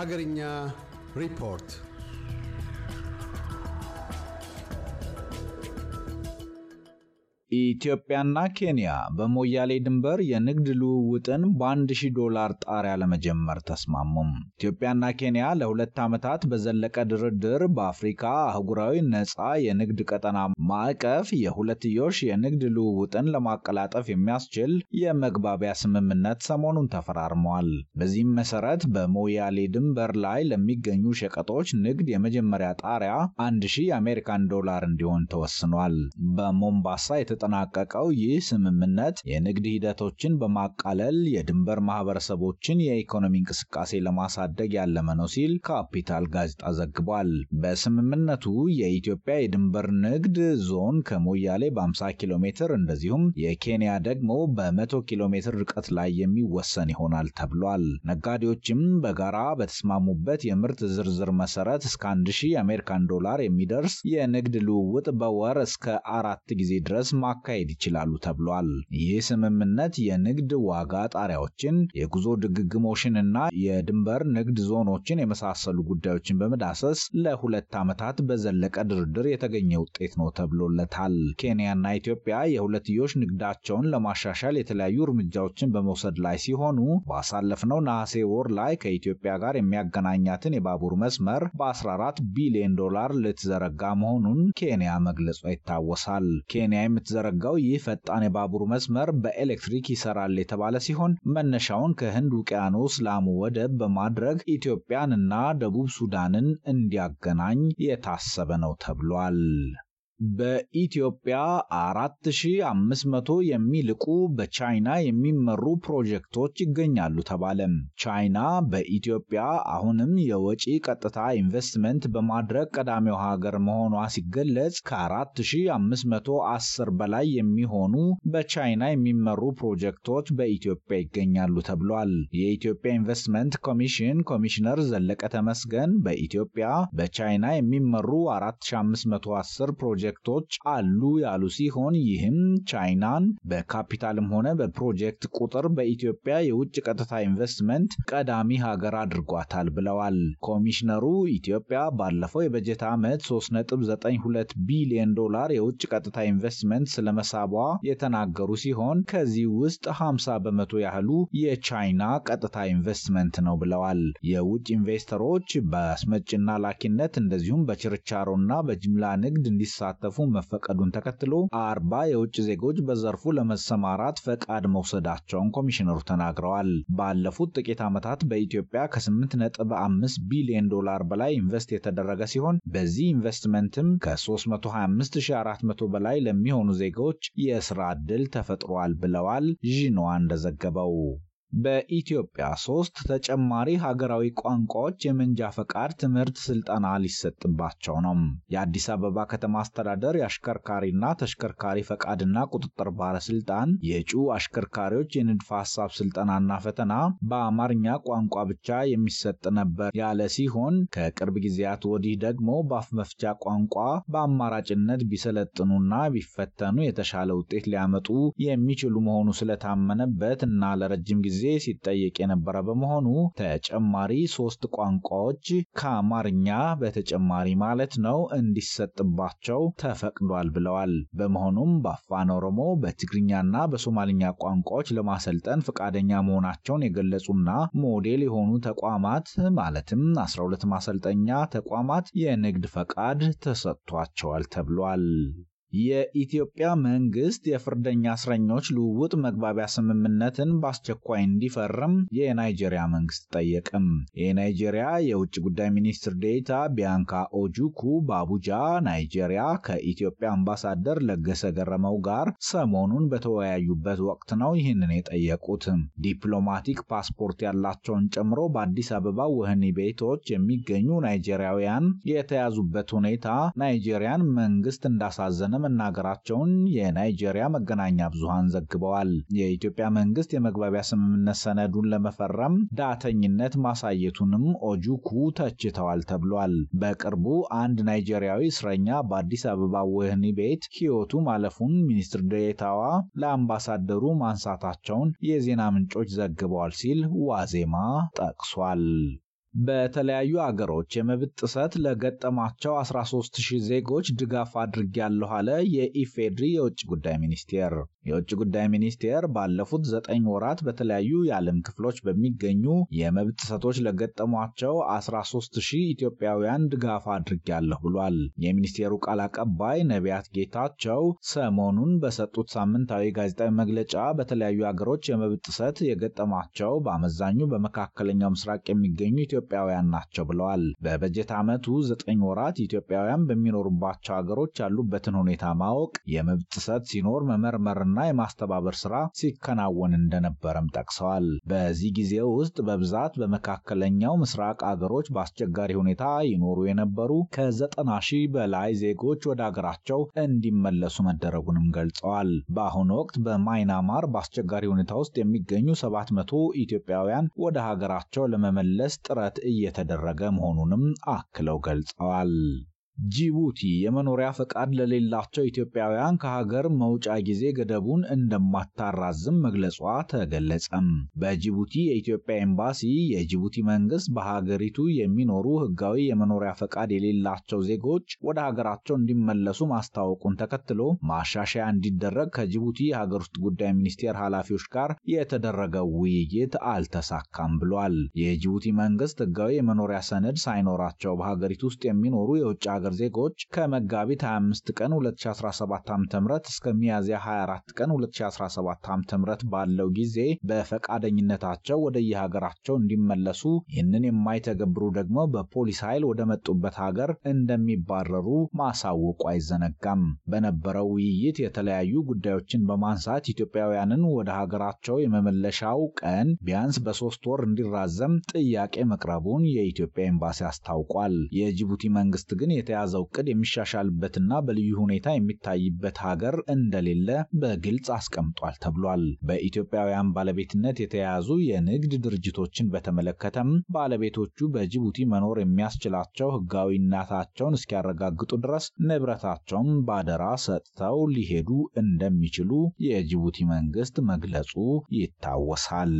ሀገርኛ ሪፖርት ኢትዮጵያና ኬንያ በሞያሌ ድንበር የንግድ ልውውጥን በ1000 ዶላር ጣሪያ ለመጀመር ተስማሙም። ኢትዮጵያና ኬንያ ለሁለት ዓመታት በዘለቀ ድርድር በአፍሪካ አህጉራዊ ነፃ የንግድ ቀጠና ማዕቀፍ የሁለትዮሽ የንግድ ልውውጥን ለማቀላጠፍ የሚያስችል የመግባቢያ ስምምነት ሰሞኑን ተፈራርመዋል። በዚህም መሰረት በሞያሌ ድንበር ላይ ለሚገኙ ሸቀጦች ንግድ የመጀመሪያ ጣሪያ 1000 የአሜሪካን ዶላር እንዲሆን ተወስኗል። በሞምባሳ የተጠናቀቀው ይህ ስምምነት የንግድ ሂደቶችን በማቃለል የድንበር ማህበረሰቦችን የኢኮኖሚ እንቅስቃሴ ለማሳደግ ያለመ ነው ሲል ካፒታል ጋዜጣ ዘግቧል። በስምምነቱ የኢትዮጵያ የድንበር ንግድ ዞን ከሞያሌ በ50 ኪሎ ሜትር እንደዚሁም የኬንያ ደግሞ በ100 ኪሎ ሜትር ርቀት ላይ የሚወሰን ይሆናል ተብሏል። ነጋዴዎችም በጋራ በተስማሙበት የምርት ዝርዝር መሰረት እስከ 1000 የአሜሪካን ዶላር የሚደርስ የንግድ ልውውጥ በወር እስከ አራት ጊዜ ድረስ ማካሄድ ይችላሉ ተብሏል። ይህ ስምምነት የንግድ ዋጋ ጣሪያዎችን፣ የጉዞ ድግግሞሽንና የድንበር ንግድ ዞኖችን የመሳሰሉ ጉዳዮችን በመዳሰስ ለሁለት ዓመታት በዘለቀ ድርድር የተገኘ ውጤት ነው ተብሎለታል። ኬንያና ኢትዮጵያ የሁለትዮሽ ንግዳቸውን ለማሻሻል የተለያዩ እርምጃዎችን በመውሰድ ላይ ሲሆኑ ባሳለፍነው ነሐሴ ወር ላይ ከኢትዮጵያ ጋር የሚያገናኛትን የባቡር መስመር በ14 ቢሊዮን ዶላር ልትዘረጋ መሆኑን ኬንያ መግለጿ ይታወሳል። ኬንያ የምትዘ የተዘረጋው ይህ ፈጣን የባቡር መስመር በኤሌክትሪክ ይሰራል የተባለ ሲሆን መነሻውን ከህንድ ውቅያኖስ ላሙ ወደብ በማድረግ ኢትዮጵያንና ደቡብ ሱዳንን እንዲያገናኝ የታሰበ ነው ተብሏል። በኢትዮጵያ 4500 የሚልቁ በቻይና የሚመሩ ፕሮጀክቶች ይገኛሉ ተባለ። ቻይና በኢትዮጵያ አሁንም የወጪ ቀጥታ ኢንቨስትመንት በማድረግ ቀዳሚው ሀገር መሆኗ ሲገለጽ ከ4510 በላይ የሚሆኑ በቻይና የሚመሩ ፕሮጀክቶች በኢትዮጵያ ይገኛሉ ተብሏል። የኢትዮጵያ ኢንቨስትመንት ኮሚሽን ኮሚሽነር ዘለቀ ተመስገን በኢትዮጵያ በቻይና የሚመሩ 4510 ፕሮጀክት ፕሮጀክቶች አሉ ያሉ ሲሆን ይህም ቻይናን በካፒታልም ሆነ በፕሮጀክት ቁጥር በኢትዮጵያ የውጭ ቀጥታ ኢንቨስትመንት ቀዳሚ ሀገር አድርጓታል ብለዋል። ኮሚሽነሩ ኢትዮጵያ ባለፈው የበጀት ዓመት 3.92 ቢሊዮን ዶላር የውጭ ቀጥታ ኢንቨስትመንት ስለመሳቧ የተናገሩ ሲሆን ከዚህ ውስጥ 50 በመቶ ያህሉ የቻይና ቀጥታ ኢንቨስትመንት ነው ብለዋል። የውጭ ኢንቨስተሮች በአስመጭና ላኪነት እንደዚሁም በችርቻሮና በጅምላ ንግድ እንዲሳተፉ እንዲሳተፉ መፈቀዱን ተከትሎ አርባ የውጭ ዜጎች በዘርፉ ለመሰማራት ፈቃድ መውሰዳቸውን ኮሚሽነሩ ተናግረዋል። ባለፉት ጥቂት ዓመታት በኢትዮጵያ ከ8.5 ቢሊዮን ዶላር በላይ ኢንቨስት የተደረገ ሲሆን በዚህ ኢንቨስትመንትም ከ325400 በላይ ለሚሆኑ ዜጎች የስራ ዕድል ተፈጥሯል ብለዋል። ዥኖዋ እንደዘገበው በኢትዮጵያ ሶስት ተጨማሪ ሀገራዊ ቋንቋዎች የመንጃ ፈቃድ ትምህርት ስልጠና ሊሰጥባቸው ነው። የአዲስ አበባ ከተማ አስተዳደር የአሽከርካሪና ተሽከርካሪ ፈቃድና ቁጥጥር ባለስልጣን የእጩ አሽከርካሪዎች የንድፈ ሀሳብ ስልጠናና ፈተና በአማርኛ ቋንቋ ብቻ የሚሰጥ ነበር ያለ ሲሆን ከቅርብ ጊዜያት ወዲህ ደግሞ በአፍ መፍቻ ቋንቋ በአማራጭነት ቢሰለጥኑና ቢፈተኑ የተሻለ ውጤት ሊያመጡ የሚችሉ መሆኑ ስለታመነበት እና ለረጅም ጊዜ ጊዜ ሲጠየቅ የነበረ በመሆኑ ተጨማሪ ሶስት ቋንቋዎች ከአማርኛ በተጨማሪ ማለት ነው እንዲሰጥባቸው ተፈቅዷል ብለዋል። በመሆኑም በአፋን ኦሮሞ በትግርኛና በሶማልኛ ቋንቋዎች ለማሰልጠን ፈቃደኛ መሆናቸውን የገለጹና ሞዴል የሆኑ ተቋማት ማለትም 12 ማሰልጠኛ ተቋማት የንግድ ፈቃድ ተሰጥቷቸዋል ተብሏል። የኢትዮጵያ መንግስት የፍርደኛ እስረኞች ልውውጥ መግባቢያ ስምምነትን በአስቸኳይ እንዲፈርም የናይጄሪያ መንግስት ጠየቅም። የናይጄሪያ የውጭ ጉዳይ ሚኒስትር ዴታ ቢያንካ ኦጁኩ በአቡጃ ናይጄሪያ ከኢትዮጵያ አምባሳደር ለገሰ ገረመው ጋር ሰሞኑን በተወያዩበት ወቅት ነው ይህንን የጠየቁት። ዲፕሎማቲክ ፓስፖርት ያላቸውን ጨምሮ በአዲስ አበባ ወህኒ ቤቶች የሚገኙ ናይጄሪያውያን የተያዙበት ሁኔታ ናይጄሪያን መንግስት እንዳሳዘነ መናገራቸውን የናይጄሪያ መገናኛ ብዙሃን ዘግበዋል። የኢትዮጵያ መንግስት የመግባቢያ ስምምነት ሰነዱን ለመፈረም ዳተኝነት ማሳየቱንም ኦጁኩ ተችተዋል ተብሏል። በቅርቡ አንድ ናይጄሪያዊ እስረኛ በአዲስ አበባ ወህኒ ቤት ሕይወቱ ማለፉን ሚኒስትር ዴኤታዋ ለአምባሳደሩ ማንሳታቸውን የዜና ምንጮች ዘግበዋል ሲል ዋዜማ ጠቅሷል። በተለያዩ አገሮች የመብት ጥሰት ለገጠማቸው 13000 ዜጎች ድጋፍ አድርጌያለሁ አለ የኢፌድሪ የውጭ ጉዳይ ሚኒስቴር። የውጭ ጉዳይ ሚኒስቴር ባለፉት ዘጠኝ ወራት በተለያዩ የዓለም ክፍሎች በሚገኙ የመብት ጥሰቶች ለገጠሟቸው 13000 ኢትዮጵያውያን ድጋፍ አድርጌያለሁ ብሏል። የሚኒስቴሩ ቃል አቀባይ ነቢያት ጌታቸው ሰሞኑን በሰጡት ሳምንታዊ ጋዜጣዊ መግለጫ በተለያዩ አገሮች የመብት ጥሰት የገጠማቸው በአመዛኙ በመካከለኛው ምስራቅ የሚገኙ ኢትዮጵያውያን ናቸው ብለዋል። በበጀት ዓመቱ ዘጠኝ ወራት ኢትዮጵያውያን በሚኖሩባቸው ሀገሮች ያሉበትን ሁኔታ ማወቅ፣ የመብት ጥሰት ሲኖር መመርመርና የማስተባበር ስራ ሲከናወን እንደነበረም ጠቅሰዋል። በዚህ ጊዜ ውስጥ በብዛት በመካከለኛው ምስራቅ አገሮች በአስቸጋሪ ሁኔታ ይኖሩ የነበሩ ከዘጠና ሺህ በላይ ዜጎች ወደ አገራቸው እንዲመለሱ መደረጉንም ገልጸዋል። በአሁኑ ወቅት በማይናማር በአስቸጋሪ ሁኔታ ውስጥ የሚገኙ ሰባት መቶ ኢትዮጵያውያን ወደ ሀገራቸው ለመመለስ ጥረት ጥረት እየተደረገ መሆኑንም አክለው ገልጸዋል። ጅቡቲ የመኖሪያ ፈቃድ ለሌላቸው ኢትዮጵያውያን ከሀገር መውጫ ጊዜ ገደቡን እንደማታራዝም መግለጿ ተገለጸም። በጅቡቲ የኢትዮጵያ ኤምባሲ የጅቡቲ መንግስት በሀገሪቱ የሚኖሩ ህጋዊ የመኖሪያ ፈቃድ የሌላቸው ዜጎች ወደ ሀገራቸው እንዲመለሱ ማስታወቁን ተከትሎ ማሻሻያ እንዲደረግ ከጅቡቲ የሀገር ውስጥ ጉዳይ ሚኒስቴር ኃላፊዎች ጋር የተደረገው ውይይት አልተሳካም ብሏል። የጅቡቲ መንግስት ህጋዊ የመኖሪያ ሰነድ ሳይኖራቸው በሀገሪቱ ውስጥ የሚኖሩ የውጭ ሀገር ሀገር ዜጎች ከመጋቢት 25 ቀን 2017 ም እስከ ሚያዝያ 24 ቀን 2017 ም ባለው ጊዜ በፈቃደኝነታቸው ወደ የሀገራቸው እንዲመለሱ፣ ይህንን የማይተገብሩ ደግሞ በፖሊስ ኃይል ወደ መጡበት ሀገር እንደሚባረሩ ማሳወቁ አይዘነጋም። በነበረው ውይይት የተለያዩ ጉዳዮችን በማንሳት ኢትዮጵያውያንን ወደ ሀገራቸው የመመለሻው ቀን ቢያንስ በሶስት ወር እንዲራዘም ጥያቄ መቅረቡን የኢትዮጵያ ኤምባሲ አስታውቋል። የጅቡቲ መንግስት ግን የተያ የያዘው እቅድ የሚሻሻልበትና በልዩ ሁኔታ የሚታይበት ሀገር እንደሌለ በግልጽ አስቀምጧል ተብሏል። በኢትዮጵያውያን ባለቤትነት የተያዙ የንግድ ድርጅቶችን በተመለከተም ባለቤቶቹ በጅቡቲ መኖር የሚያስችላቸው ሕጋዊነታቸውን እስኪያረጋግጡ ድረስ ንብረታቸውን ባደራ ሰጥተው ሊሄዱ እንደሚችሉ የጅቡቲ መንግስት መግለጹ ይታወሳል።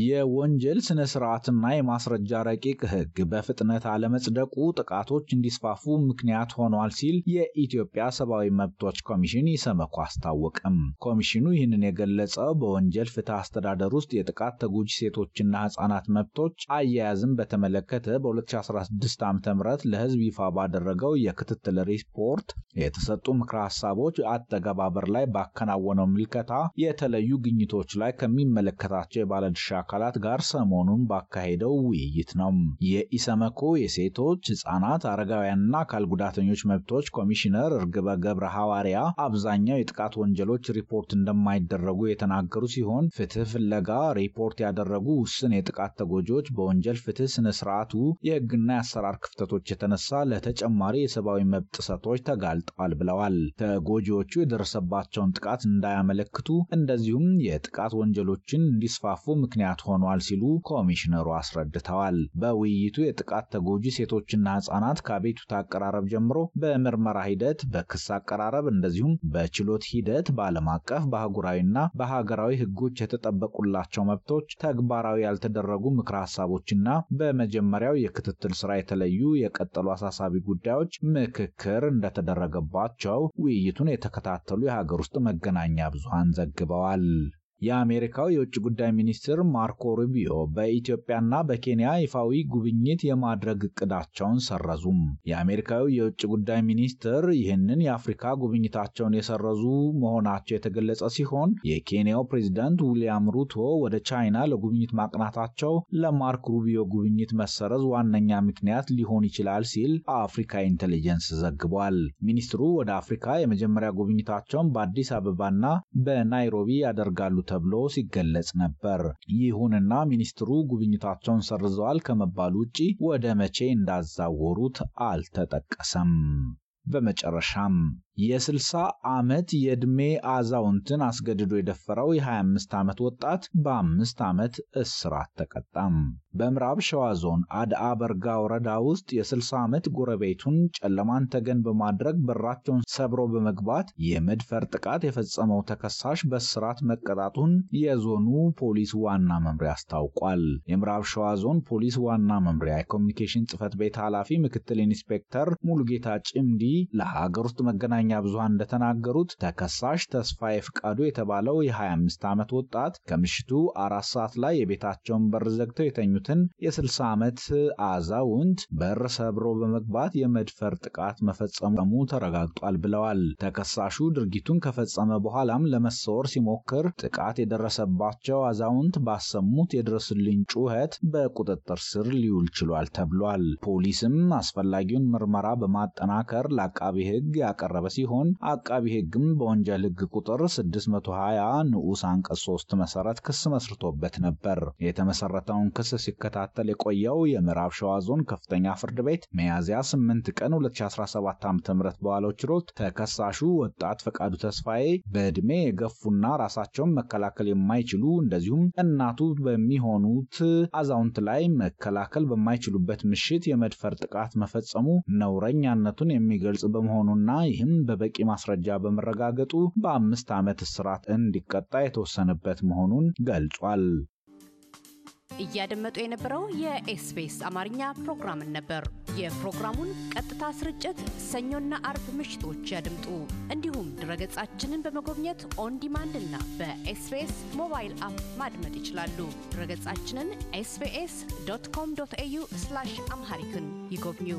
የወንጀል ስነ ስርዓትና የማስረጃ ረቂቅ ህግ በፍጥነት አለመጽደቁ ጥቃቶች እንዲስፋፉ ምክንያት ሆኗል ሲል የኢትዮጵያ ሰብአዊ መብቶች ኮሚሽን ኢሰመኮ አስታወቀም። ኮሚሽኑ ይህንን የገለጸው በወንጀል ፍትህ አስተዳደር ውስጥ የጥቃት ተጎጂ ሴቶችና ህጻናት መብቶች አያያዝን በተመለከተ በ2016 ዓ ም ለህዝብ ይፋ ባደረገው የክትትል ሪፖርት የተሰጡ ምክረ ሀሳቦች አተገባበር ላይ ባከናወነው ምልከታ የተለዩ ግኝቶች ላይ ከሚመለከታቸው የባለድርሻ አካላት ጋር ሰሞኑን ባካሄደው ውይይት ነው። የኢሰመኮ የሴቶች ህጻናት፣ አረጋውያንና አካል ጉዳተኞች መብቶች ኮሚሽነር እርግበ ገብረ ሐዋርያ አብዛኛው የጥቃት ወንጀሎች ሪፖርት እንደማይደረጉ የተናገሩ ሲሆን ፍትህ ፍለጋ ሪፖርት ያደረጉ ውስን የጥቃት ተጎጂዎች በወንጀል ፍትህ ስነ ስርዓቱ የህግና የአሰራር ክፍተቶች የተነሳ ለተጨማሪ የሰብአዊ መብት ጥሰቶች ተጋልጠዋል ብለዋል። ተጎጂዎቹ የደረሰባቸውን ጥቃት እንዳያመለክቱ እንደዚሁም የጥቃት ወንጀሎችን እንዲስፋፉ ምክንያት ምክንያት ሆኗል ሲሉ ኮሚሽነሩ አስረድተዋል። በውይይቱ የጥቃት ተጎጂ ሴቶችና ህጻናት ከቤቱታ አቀራረብ ጀምሮ በምርመራ ሂደት፣ በክስ አቀራረብ እንደዚሁም በችሎት ሂደት በዓለም አቀፍ በአህጉራዊና በሀገራዊ ህጎች የተጠበቁላቸው መብቶች ተግባራዊ ያልተደረጉ ምክረ ሀሳቦችና በመጀመሪያው የክትትል ስራ የተለዩ የቀጠሉ አሳሳቢ ጉዳዮች ምክክር እንደተደረገባቸው ውይይቱን የተከታተሉ የሀገር ውስጥ መገናኛ ብዙሃን ዘግበዋል። የአሜሪካው የውጭ ጉዳይ ሚኒስትር ማርኮ ሩቢዮ በኢትዮጵያና በኬንያ ይፋዊ ጉብኝት የማድረግ እቅዳቸውን ሰረዙም። የአሜሪካው የውጭ ጉዳይ ሚኒስትር ይህንን የአፍሪካ ጉብኝታቸውን የሰረዙ መሆናቸው የተገለጸ ሲሆን የኬንያው ፕሬዚዳንት ዊልያም ሩቶ ወደ ቻይና ለጉብኝት ማቅናታቸው ለማርክ ሩቢዮ ጉብኝት መሰረዝ ዋነኛ ምክንያት ሊሆን ይችላል ሲል አፍሪካ ኢንቴሊጀንስ ዘግቧል። ሚኒስትሩ ወደ አፍሪካ የመጀመሪያ ጉብኝታቸውን በአዲስ አበባና በናይሮቢ ያደርጋሉ ተብሎ ሲገለጽ ነበር። ይሁንና ሚኒስትሩ ጉብኝታቸውን ሰርዘዋል ከመባል ውጪ ወደ መቼ እንዳዛወሩት አልተጠቀሰም። በመጨረሻም የ60 ዓመት የዕድሜ አዛውንትን አስገድዶ የደፈረው የ25 ዓመት ወጣት በአምስት ዓመት እስራት ተቀጣም። በምዕራብ ሸዋ ዞን አድአ በርጋ ወረዳ ውስጥ የ60 ዓመት ጎረቤቱን ጨለማን ተገን በማድረግ በራቸውን ሰብሮ በመግባት የመድፈር ጥቃት የፈጸመው ተከሳሽ በእስራት መቀጣቱን የዞኑ ፖሊስ ዋና መምሪያ አስታውቋል። የምዕራብ ሸዋ ዞን ፖሊስ ዋና መምሪያ የኮሚኒኬሽን ጽህፈት ቤት ኃላፊ ምክትል ኢንስፔክተር ሙሉጌታ ጭምዲ ለሀገር ውስጥ መገናኛ መገናኛ ብዙሃን እንደተናገሩት ተከሳሽ ተስፋዬ ፍቃዱ የተባለው የ25 ዓመት ወጣት ከምሽቱ አራት ሰዓት ላይ የቤታቸውን በር ዘግተው የተኙትን የ60 ዓመት አዛውንት በር ሰብሮ በመግባት የመድፈር ጥቃት መፈጸሙ ተረጋግጧል ብለዋል። ተከሳሹ ድርጊቱን ከፈጸመ በኋላም ለመሰወር ሲሞክር ጥቃት የደረሰባቸው አዛውንት ባሰሙት የድረስልኝ ጩኸት በቁጥጥር ስር ሊውል ችሏል ተብሏል። ፖሊስም አስፈላጊውን ምርመራ በማጠናከር ለአቃቢ ሕግ ያቀረበ ሲሆን አቃቢ ህግም በወንጀል ህግ ቁጥር 620 ንዑስ አንቀጽ 3 መሰረት ክስ መስርቶበት ነበር። የተመሰረተውን ክስ ሲከታተል የቆየው የምዕራብ ሸዋ ዞን ከፍተኛ ፍርድ ቤት ሚያዝያ 8 ቀን 2017 ዓ.ም በዋለው ችሎት ተከሳሹ ወጣት ፈቃዱ ተስፋዬ በዕድሜ የገፉና ራሳቸውን መከላከል የማይችሉ እንደዚሁም እናቱ በሚሆኑት አዛውንት ላይ መከላከል በማይችሉበት ምሽት የመድፈር ጥቃት መፈጸሙ ነውረኛነቱን የሚገልጽ በመሆኑና ይህም በበቂ ማስረጃ በመረጋገጡ በአምስት ዓመት እስራት እንዲቀጣ የተወሰነበት መሆኑን ገልጿል። እያደመጡ የነበረው የኤስቢኤስ አማርኛ ፕሮግራምን ነበር። የፕሮግራሙን ቀጥታ ስርጭት ሰኞና አርብ ምሽቶች ያድምጡ። እንዲሁም ድረገጻችንን በመጎብኘት ኦንዲማንድ እና በኤስቢኤስ ሞባይል አፕ ማድመጥ ይችላሉ። ድረገጻችንን ኤስቢኤስ ዶት ኮም ዶት ኤዩ አምሃሪክን ይጎብኙ።